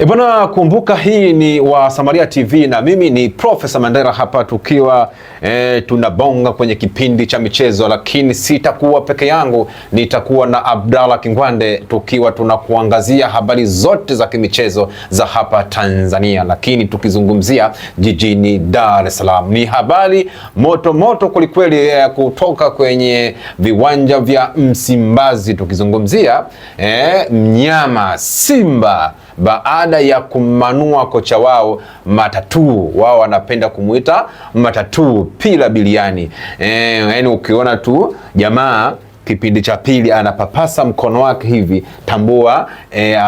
E bwana, kumbuka hii ni Wasamaria TV na mimi ni Profesa Mandera hapa tukiwa e, tunabonga kwenye kipindi cha michezo, lakini sitakuwa peke yangu, nitakuwa na Abdalla Kingwande tukiwa tunakuangazia habari zote za kimichezo za hapa Tanzania, lakini tukizungumzia jijini Dar es Salaam. Ni habari moto moto kwelikweli e, kutoka kwenye viwanja vya Msimbazi, tukizungumzia e, mnyama Simba baada ya kumanua kocha wao Matatu, wao wanapenda kumuita Matatu Pila Biliani. Eh, yaani yani ukiona tu jamaa kipindi cha pili anapapasa mkono wake hivi, tambua e,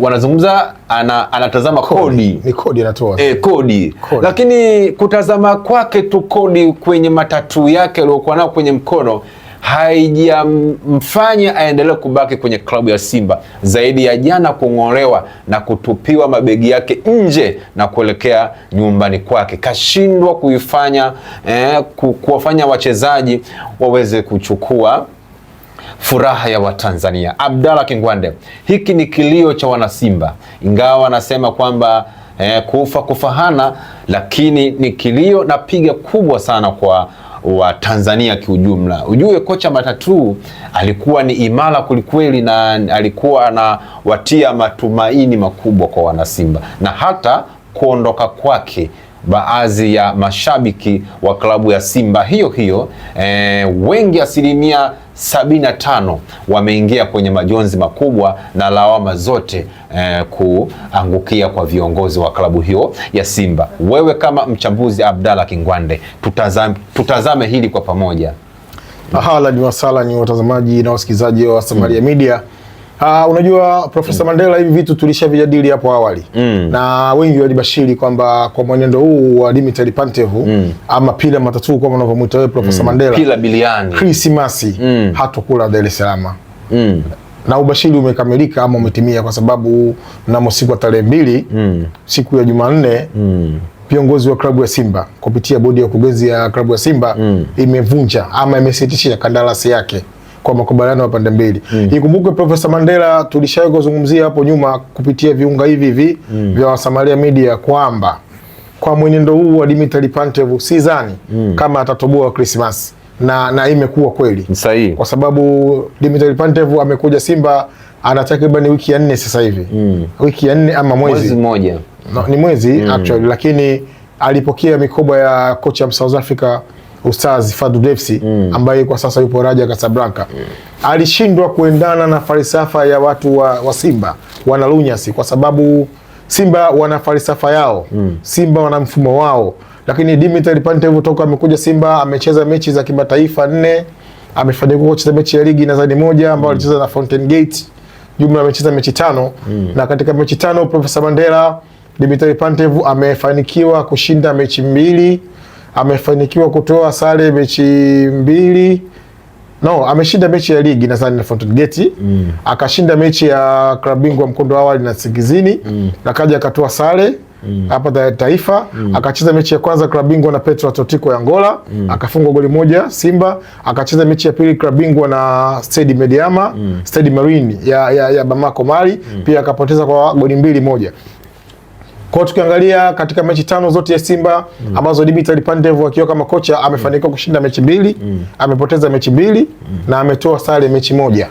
wanazungumza ana, anatazama kodi ni kodi anatoa e, kodi. Kodi lakini kutazama kwake tu kodi kwenye matatu yake aliyokuwa nao kwenye mkono haijamfanya aendelee kubaki kwenye klabu ya Simba zaidi ya jana kung'olewa na kutupiwa mabegi yake nje na kuelekea nyumbani kwake. Kashindwa kuifanya eh, kuwafanya wachezaji waweze kuchukua furaha ya Watanzania. Abdalla Kingwande, hiki ni kilio cha Wanasimba, ingawa anasema kwamba eh, kufa kufahana, lakini ni kilio na piga kubwa sana kwa wa Tanzania kiujumla. Ujue kocha Matatu alikuwa ni imara kwelikweli, na alikuwa anawatia matumaini makubwa kwa Wanasimba na hata kuondoka kwake baadhi ya mashabiki wa klabu ya Simba hiyo hiyo e, wengi asilimia 75 wameingia kwenye majonzi makubwa na lawama zote e, kuangukia kwa viongozi wa klabu hiyo ya Simba. Wewe kama mchambuzi Abdalla Kingwande, tutazame, tutazame hili kwa pamoja. ni wasala ni watazamaji na wasikilizaji wa Samaria hmm. Media. Uh, unajua Profesa mm. Mandela hivi vitu tulishavijadili hapo awali mm. na wengi walibashiri kwamba kwa mwenendo huu wa limited pantevu mm. ama pila matatu kama unavyomwita wewe Profesa mm. Mandela pila biliani Krismasi mm. hatukula Dar es Salaam mm. na ubashiri umekamilika ama umetimia, kwa sababu mnamo siku ya tarehe mbili mm. siku ya Jumanne mm viongozi wa klabu ya Simba kupitia bodi ya ukurugenzi ya klabu ya Simba mm. imevunja ama imesitisha kandarasi yake kwa makubaliano ya pande mbili mm. Ikumbukwe Profesa Mandela tulishawahi kuzungumzia hapo nyuma kupitia viunga hivi hivi mm. vya Wasamaria Media kwamba kwa mwenendo huu wa Dimitri Pantev sidhani mm. kama atatoboa Krismas na, na imekuwa kweli sahihi, kwa sababu Dimitri Pantev amekuja Simba ana takriban wiki ya nne sasa hivi mm. wiki ya nne ama mwezi, mwezi moja no, ni mwezi mm. actually, lakini alipokea mikoba ya kocha wa South Africa Ustazi Fadlu Davids mm. ambaye kwa sasa yupo Raja Casablanca mm. alishindwa kuendana na falsafa ya watu wa, wa Simba wana lunyasi kwa sababu Simba wana falsafa yao mm. Simba wana mfumo wao, lakini Dimitri Pantev toka amekuja Simba amecheza mechi za kimataifa nne, amefanikiwa kucheza mechi ya ligi na zaidi moja ambayo mm. alicheza na Fountain Gate, jumla amecheza mechi tano mm. na katika mechi tano Profesa Mandela Dimitri Pantev amefanikiwa kushinda mechi mbili amefanikiwa kutoa sare mechi mbili no, ameshinda mechi ya ligi nadhani na Fountain Gate mm. akashinda mechi ya klabu bingwa mkondo wa awali na Singizini mm. akaja akatoa sare mm. hapa mm. Taifa mm. akacheza mechi ya kwanza klabu bingwa na Petro Atletico ya Angola mm. akafungwa goli moja Simba. Akacheza mechi ya pili klabu bingwa na Stade Mediama mm. Stade Marine ya, ya, ya Bamako Mali mm. pia akapoteza kwa goli mbili moja. Kwa tukiangalia katika mechi tano zote ya Simba mm. ambazo Dimitar Pandev akiwa kama kocha amefanikiwa mm. kushinda mechi mbili mm. amepoteza mechi mbili mm. na ametoa sare mechi moja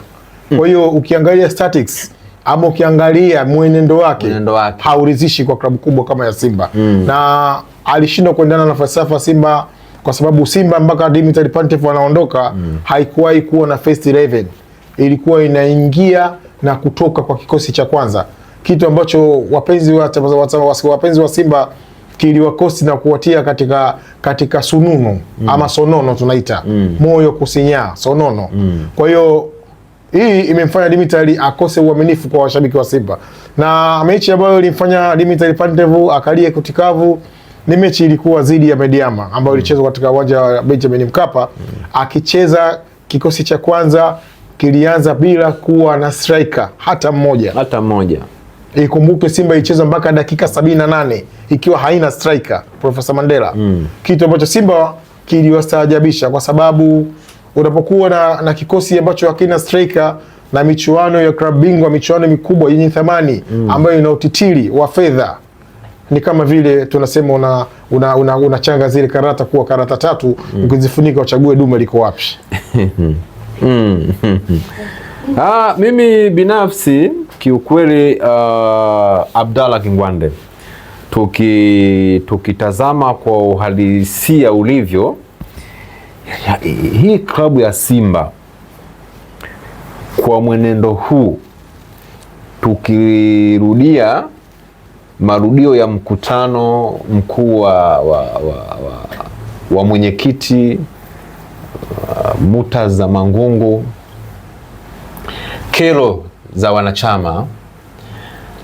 mm. kwa hiyo ukiangalia statics ama ukiangalia mwenendo wake, mwenendo wake hauridhishi kwa klabu kubwa kama ya Simba mm. na alishindwa kuendana na falsafa Simba kwa sababu Simba mpaka Dimitar Pantev anaondoka mm. haikuwahi kuwa na first 11 ilikuwa inaingia na kutoka kwa kikosi cha kwanza kitu ambacho wapenzi wa, wapenzi wa Simba kiliwakosi na kuwatia katika, katika sununu mm. ama sonono tunaita mm. moyo kusinyaa sonono mm. kwa hiyo hii imemfanya Dimitali akose uaminifu kwa washabiki wa Simba, na mechi ambayo ilimfanya Dimitri Pantevu akalie kutikavu ni mechi ilikuwa dhidi ya Mediama ambayo mm. ilichezwa mm. katika uwanja wa Benjamin Mkapa. mm. Akicheza kikosi cha kwanza kilianza bila kuwa na striker hata mmoja hata mmoja. Ikumbuke Simba icheza mpaka dakika sabini na nane ikiwa haina striker Profesa Mandela mm. kitu ambacho Simba kiliwastaajabisha kwa sababu unapokuwa na, na kikosi ambacho hakina striker na michuano ya klabu bingwa, michuano mikubwa yenye thamani mm. ambayo ina utitiri wa fedha, ni kama vile tunasema una unachanga una, una zile karata kuwa karata tatu mm. ukizifunika uchague dume liko wapi? mm. Ah, mimi binafsi kiukweli uh, Abdalla Kingwande, tuki tukitazama kwa uhalisia ulivyo hii klabu ya Simba kwa mwenendo huu, tukirudia marudio ya mkutano mkuu wa, wa, wa, wa, wa mwenyekiti uh, Mutaza Mangungu, kero za wanachama,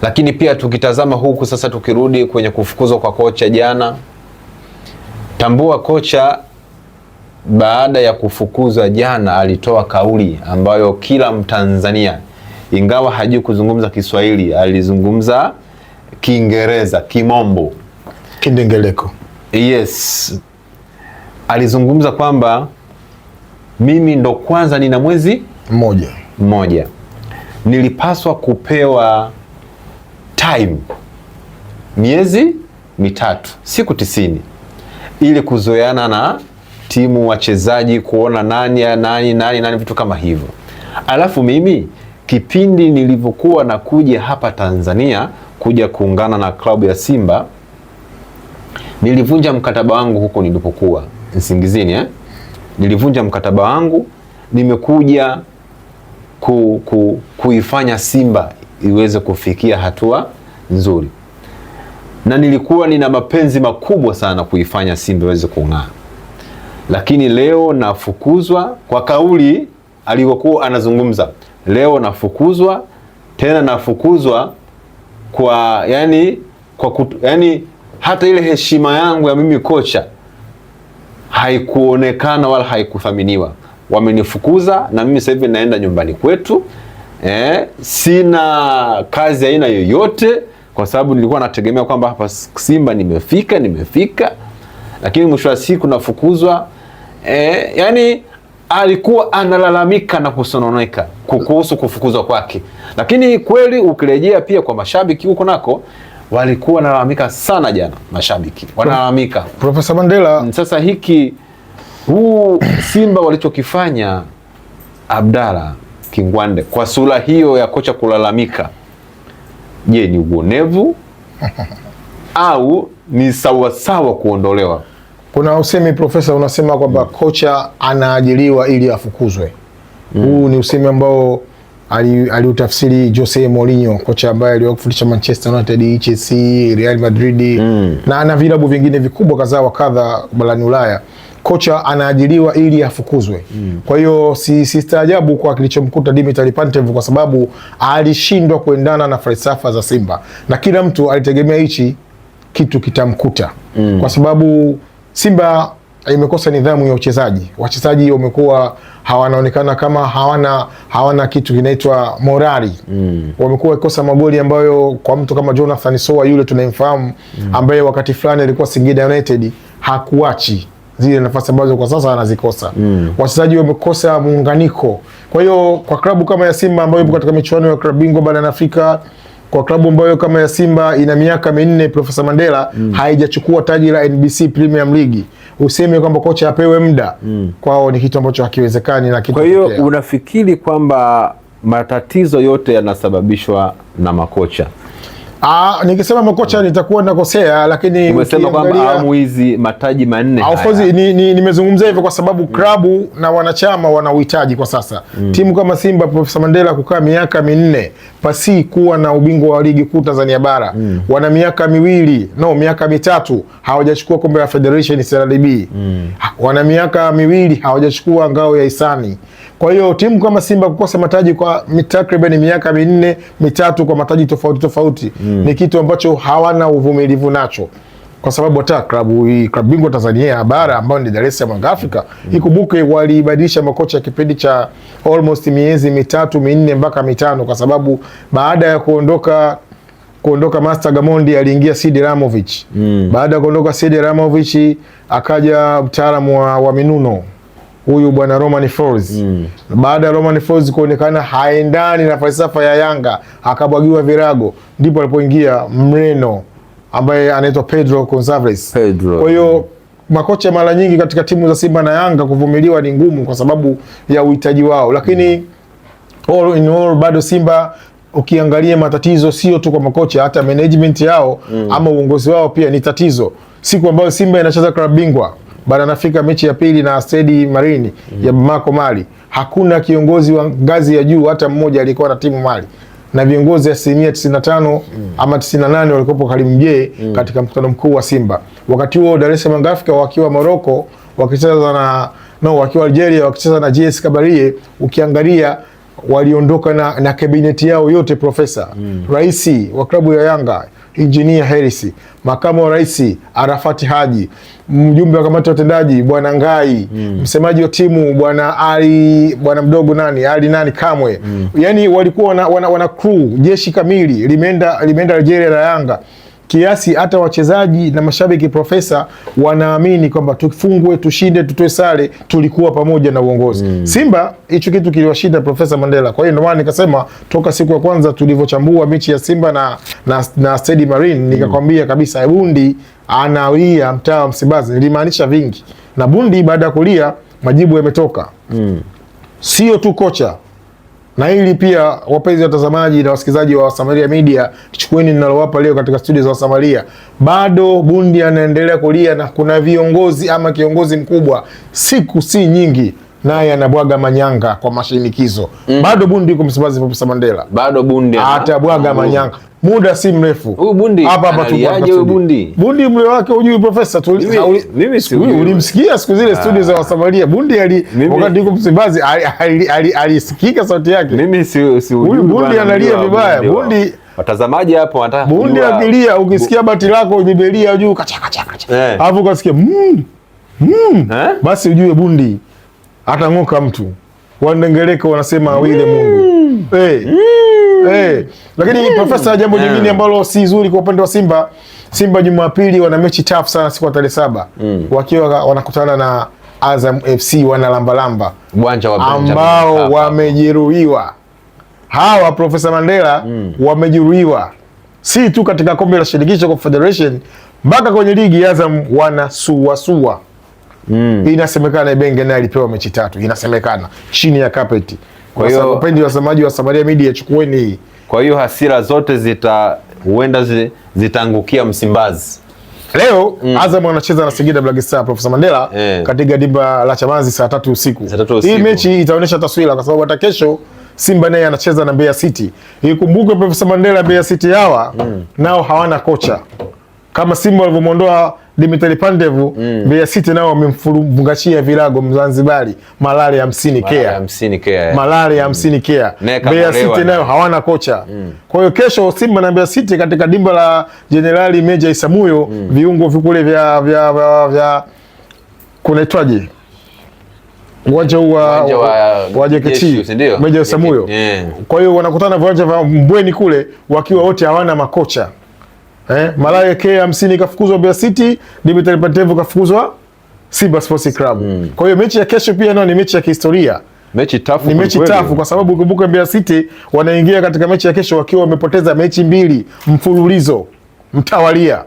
lakini pia tukitazama huku sasa, tukirudi kwenye kufukuzwa kwa kocha jana, tambua kocha baada ya kufukuzwa jana alitoa kauli ambayo kila Mtanzania ingawa hajui kuzungumza Kiswahili alizungumza Kiingereza, kimombo, kindengeleko. Yes, alizungumza kwamba mimi ndo kwanza nina mwezi mmoja mmoja nilipaswa kupewa time miezi mitatu, siku tisini ili kuzoeana na timu, wachezaji, kuona nani nani nani nani, vitu kama hivyo. Alafu mimi kipindi nilivyokuwa nakuja hapa Tanzania kuja kuungana na klabu ya Simba nilivunja mkataba wangu huko nilipokuwa Nsingizini eh? Nilivunja mkataba wangu nimekuja ku, ku, kuifanya Simba iweze kufikia hatua nzuri, na nilikuwa nina mapenzi makubwa sana kuifanya Simba iweze kung'aa, lakini leo nafukuzwa kwa kauli aliyokuwa anazungumza. Leo nafukuzwa tena, nafukuzwa kwa yani, kwa kutu, yani hata ile heshima yangu ya mimi kocha haikuonekana wala haikuthaminiwa wamenifukuza na mimi sasa hivi naenda nyumbani kwetu. Eh, sina kazi aina yoyote kwa sababu nilikuwa nategemea kwamba hapa Simba nimefika nimefika, lakini mwisho wa siku nafukuzwa. Eh, yani alikuwa analalamika na kusononeka kuhusu kufukuzwa kwake, lakini kweli ukirejea pia kwa mashabiki huko nako walikuwa wanalalamika sana. Jana mashabiki wanalalamika Profesa Mandela, sasa hiki huu Simba walichokifanya Abdala Kingwande kwa sura hiyo ya kocha kulalamika, je, ni uonevu au ni sawasawa kuondolewa? Kuna usemi profesa, unasema kwamba mm. kocha anaajiriwa ili afukuzwe. mm. huu ni usemi ambao aliutafsiri ali Jose Mourinho, kocha ambaye aliwahi kufundisha Manchester United, Chelsea, Real Madrid mm. na ana vilabu vingine vikubwa kadhaa wa kadha barani Ulaya kocha anaajiriwa ili afukuzwe. Mm. Kwa hiyo si si sistaajabu kwa kilichomkuta Dimitri Pantev kwa sababu alishindwa kuendana na falsafa za Simba na kila mtu alitegemea hichi kitu kitamkuta. Mm. Kwa sababu Simba imekosa nidhamu ya uchezaji. Wachezaji wamekuwa hawanaonekana kama hawana hawana kitu kinaitwa morali. Mm. Wamekuwa wakikosa magoli ambayo kwa mtu kama Jonathan Soa yule tunayemfahamu, mm. ambaye wakati fulani alikuwa Singida United hakuachi zile nafasi ambazo kwa sasa anazikosa. Mm. Wachezaji wamekosa muunganiko. Kwa hiyo kwa klabu kama ya Simba ambayo ipo katika michuano ya klabu bingwa barani Afrika, kwa klabu ambayo kama ya Simba ina miaka minne Profesa Mandela mm. haijachukua taji la NBC Premier League, useme kwamba kocha apewe muda mm. kwao ni kitu ambacho hakiwezekani. Na kwa hiyo unafikiri kwamba matatizo yote yanasababishwa na makocha Ah, nikisema makocha mm. nitakuwa nakosea, lakini umesema kwamba awamu hizi mataji manne haya. Of course ni, ni hivyo kwa sababu mm. klabu mm. na wanachama wana uhitaji kwa sasa mm. timu kama Simba Profesa Mandela kukaa miaka minne pasi kuwa na ubingwa wa ligi kuu Tanzania bara mm. wana miaka miwili no miaka mitatu hawajachukua kombe la Federation CRDB mm. wana miaka miwili hawajachukua ngao ya hisani kwa hiyo timu kama Simba kukosa mataji kwa takriban miaka minne mitatu kwa mataji tofauti tofauti mm. ni kitu ambacho hawana uvumilivu nacho kwa sababu hata klabu hii klabu bingwa Tanzania ya bara ambayo ni Dar es Salaam Afrika mm. ikumbuke, walibadilisha makocha kipindi cha almost miezi mitatu minne mpaka mitano, kwa sababu baada ya kuondoka kuondoka Master Gamondi aliingia Sidi Ramovic mm. baada ya kuondoka Sidi Ramovic akaja mtaalamu wa, wa minuno huyu bwana Roman Folz mm. Baada ya Roman Folz kuonekana haendani na falsafa ya Yanga akabwagiwa virago, ndipo alipoingia Mreno ambaye anaitwa Pedro Gonçalves. Kwa hiyo makocha mara nyingi katika timu za Simba na Yanga kuvumiliwa ni ngumu kwa sababu ya uhitaji wao, lakini mm. all in all bado Simba ukiangalia matatizo sio tu kwa makocha, hata management yao mm. ama uongozi wao pia ni tatizo. Siku ambayo Simba inacheza klabu bingwa barani Afrika mechi ya pili na Stade Marini mm. ya Bamako Mali, hakuna kiongozi wa ngazi ya juu hata mmoja alikuwa na timu Mali na viongozi asilimia 95 mm. ama 98 walikuwepo Karim mm. katika mkutano mkuu wa Simba. Wakati huo Dar es Salaam wakiwa Morocco wakicheza na no, wakiwa Algeria wakicheza na JS Kabarie, ukiangalia waliondoka na, na kabineti yao yote profesa mm. raisi wa klabu ya Yanga Injinia Hersi, makamu wa rais Arafati Haji, mjumbe wa kamati ya utendaji bwana Ngai mm. msemaji wa timu bwana Ali, bwana mdogo nani Ali nani Kamwe mm. yani walikuwa wana, wana, wana crew jeshi kamili limeenda limeenda Algeria la Yanga kiasi hata wachezaji na mashabiki profesa wanaamini kwamba tufungwe, tushinde, tutoe sare, tulikuwa pamoja na uongozi mm. Simba hicho kitu kiliwashinda Profesa Mandela. Kwa hiyo ndio maana nikasema toka siku ya kwanza tulivyochambua mechi ya Simba na, na, na Stade Marine hmm. nikakwambia mm. kabisa bundi analia mtaa wa Msimbazi, nilimaanisha vingi na bundi, baada ya kulia majibu yametoka mm. sio tu kocha na hili pia, wapenzi watazamaji na wasikilizaji wa Wasamaria Media, chukueni ninalowapa leo katika studio za Wasamaria. Bado bundi anaendelea kulia na kuna viongozi ama kiongozi mkubwa, siku si nyingi naye anabwaga manyanga kwa mashinikizo mm. Bado bundi yuko Msimbazi, Profesa Mandela bado bundi atabwaga mm. manyanga muda si mrefu hapa hapa tu. Bundi bundi mle wake hujui profesa, ulimsikia siku zile ah. studio za Wasamalia Bundi ali wakati yuko Msimbazi alisikika sauti yake. Mimi si si huyu bundi analia vibaya. Bundi watazamaji hapo wanataka bundi akilia, ukisikia bati lako bibelia juu kacha kacha kacha, eh. alafu ukasikia mm, mm, eh? basi ujue bundi atang'oka mtu, wandengereka wanasema awile Mungu hey. Eh. Eh. Hey. Lakini hmm. profesa, jambo hmm. jingine ambalo si zuri kwa upande wa Simba, Simba Jumapili wana mechi tafu sana siku ya tarehe saba hmm. wakiwa wanakutana na Azam FC wana lambalamba wa ambao wamejeruhiwa hawa Profesa Mandela mm. wamejeruhiwa si tu katika kombe la shirikisho federation mpaka kwenye ligi Azam wanasuasua. Mm. Inasemekana Ibenge naye alipewa mechi tatu, inasemekana chini ya kapeti. Kwa hiyo wapenzi wasemaji wa Samaria Media chukueni hii. Kwa hiyo hasira zote zita huenda zi, zitaangukia Msimbazi. Leo mm. Azam anacheza na Singida Black Star Profesa Mandela eh, katika dimba la Chamazi saa tatu usiku. Saa tatu usiku. Hii mechi itaonyesha taswira kwa sababu hata kesho Simba naye anacheza na Mbeya City. Ikumbuke Profesa Mandela, Mbeya City hawa mm. nao hawana kocha kama Simba walivyomwondoa Dimitri Pandevu mm. Mbeya City nao wamemfungashia virago Mzanzibari malale hamsini kea malale hamsini kea. Mbeya mm. City nayo hawana kocha mm. Kwa hiyo kesho Simba na Mbeya City katika dimba la Jenerali Meja Isamuyo mm. viungo vikule vya, vya, vya, vya kunaitwaje uwanja huu wa Jekechi Meja Isamuyo yeah. Kwa hiyo wanakutana viwanja vya Mbweni kule wakiwa wote hawana makocha Eh, Malaya K hamsini kafukuzwa Mbeya City, Dimitri Pantevu kafukuzwa Simba Sports Club. Mm. Kwa hiyo mechi ya kesho pia nayo ni mechi ya kihistoria. Mechi tafu, ni mechi tafu kwa sababu ukikumbuka Mbeya City wanaingia katika mechi ya kesho wakiwa wamepoteza mechi mbili mfululizo mtawalia.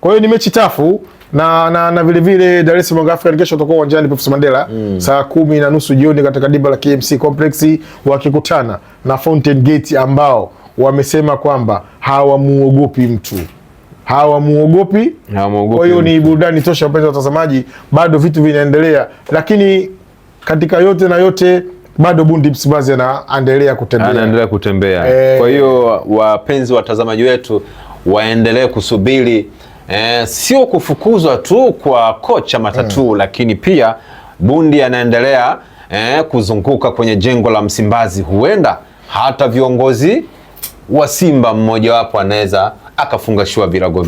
Kwa hiyo ni mechi tafu na na, na vile vile Dar es Salaam Africa kesho utakuwa uwanjani Pepsi Mandela mm. saa kumi na nusu jioni katika dimba la KMC Complex wakikutana na Fountain Gate ambao wamesema kwamba hawamuogopi mtu hawamuogopi. Kwa hiyo ni burudani tosha, wapenzi watazamaji, bado vitu vinaendelea, lakini katika yote na yote bado Bundi Msimbazi anaendelea kutembea, anaendelea kutembea e... kwa hiyo wapenzi watazamaji wetu waendelee kusubiri e, sio kufukuzwa tu kwa kocha Matatu mm. lakini pia Bundi anaendelea e, kuzunguka kwenye jengo la Msimbazi, huenda hata viongozi wa Simba mmojawapo anaweza akafungashiwa virago.